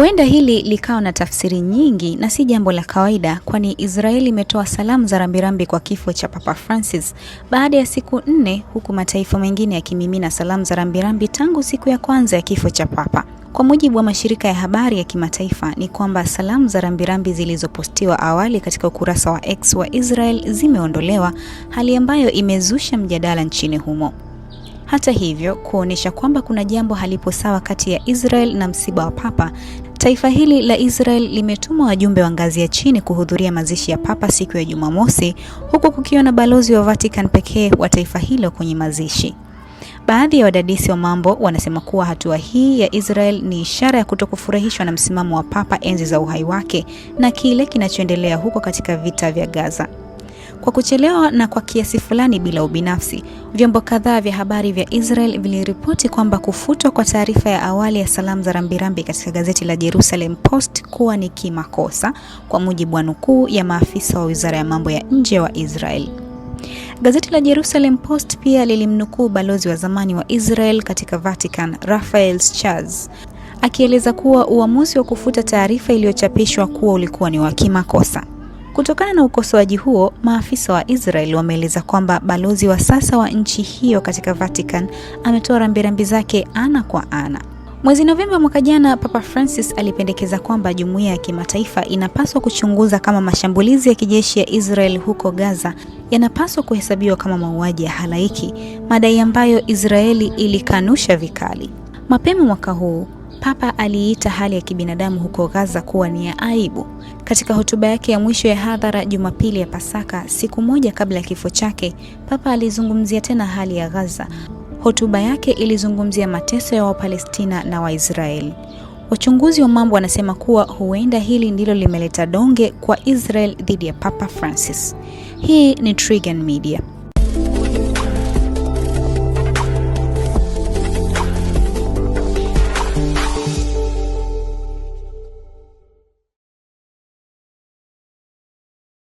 Huenda hili likawa na tafsiri nyingi na si jambo la kawaida, kwani Israeli imetoa salamu za rambirambi kwa kifo cha Papa Francis baada ya siku nne, huku mataifa mengine yakimimina salamu za rambirambi tangu siku ya kwanza ya kifo cha Papa. Kwa mujibu wa mashirika ya habari ya kimataifa ni kwamba salamu za rambirambi zilizopostiwa awali katika ukurasa wa X wa Israel zimeondolewa, hali ambayo imezusha mjadala nchini humo. Hata hivyo, kuonyesha kwamba kuna jambo halipo sawa kati ya Israel na msiba wa Papa Taifa hili la Israel limetuma wajumbe wa ngazi ya chini kuhudhuria mazishi ya Papa siku ya Jumamosi, huku kukiwa na balozi wa Vatican pekee wa taifa hilo kwenye mazishi. Baadhi ya wadadisi wa mambo wanasema kuwa hatua hii ya Israel ni ishara ya kutokufurahishwa na msimamo wa Papa enzi za uhai wake na kile kinachoendelea huko katika vita vya Gaza. Kwa kuchelewa na kwa kiasi fulani bila ubinafsi, vyombo kadhaa vya habari vya Israel viliripoti kwamba kufutwa kwa taarifa ya awali ya salamu za rambirambi katika gazeti la Jerusalem Post kuwa ni kimakosa, kwa mujibu wa nukuu ya maafisa wa Wizara ya Mambo ya Nje wa Israel. Gazeti la Jerusalem Post pia lilimnukuu balozi wa zamani wa Israel katika Vatican, Raphael Schatz, akieleza kuwa uamuzi wa kufuta taarifa iliyochapishwa kuwa ulikuwa ni wa kimakosa. Kutokana na ukosoaji huo, maafisa wa Israel wameeleza kwamba balozi wa sasa wa nchi hiyo katika Vatican ametoa rambirambi zake ana kwa ana. Mwezi Novemba mwaka jana, Papa Francis alipendekeza kwamba jumuiya ya kimataifa inapaswa kuchunguza kama mashambulizi ya kijeshi ya Israel huko Gaza yanapaswa kuhesabiwa kama mauaji ya halaiki, madai ambayo Israeli ilikanusha vikali. Mapema mwaka huu Papa aliita hali ya kibinadamu huko Gaza kuwa ni ya aibu. Katika hotuba yake ya mwisho ya hadhara Jumapili ya Pasaka, siku moja kabla ya kifo chake, Papa alizungumzia tena hali ya Gaza. Hotuba yake ilizungumzia mateso ya Wapalestina na Waisraeli. Wachunguzi wa mambo wanasema kuwa huenda hili ndilo limeleta donge kwa Israel dhidi ya Papa Francis. Hii ni Trigen Media.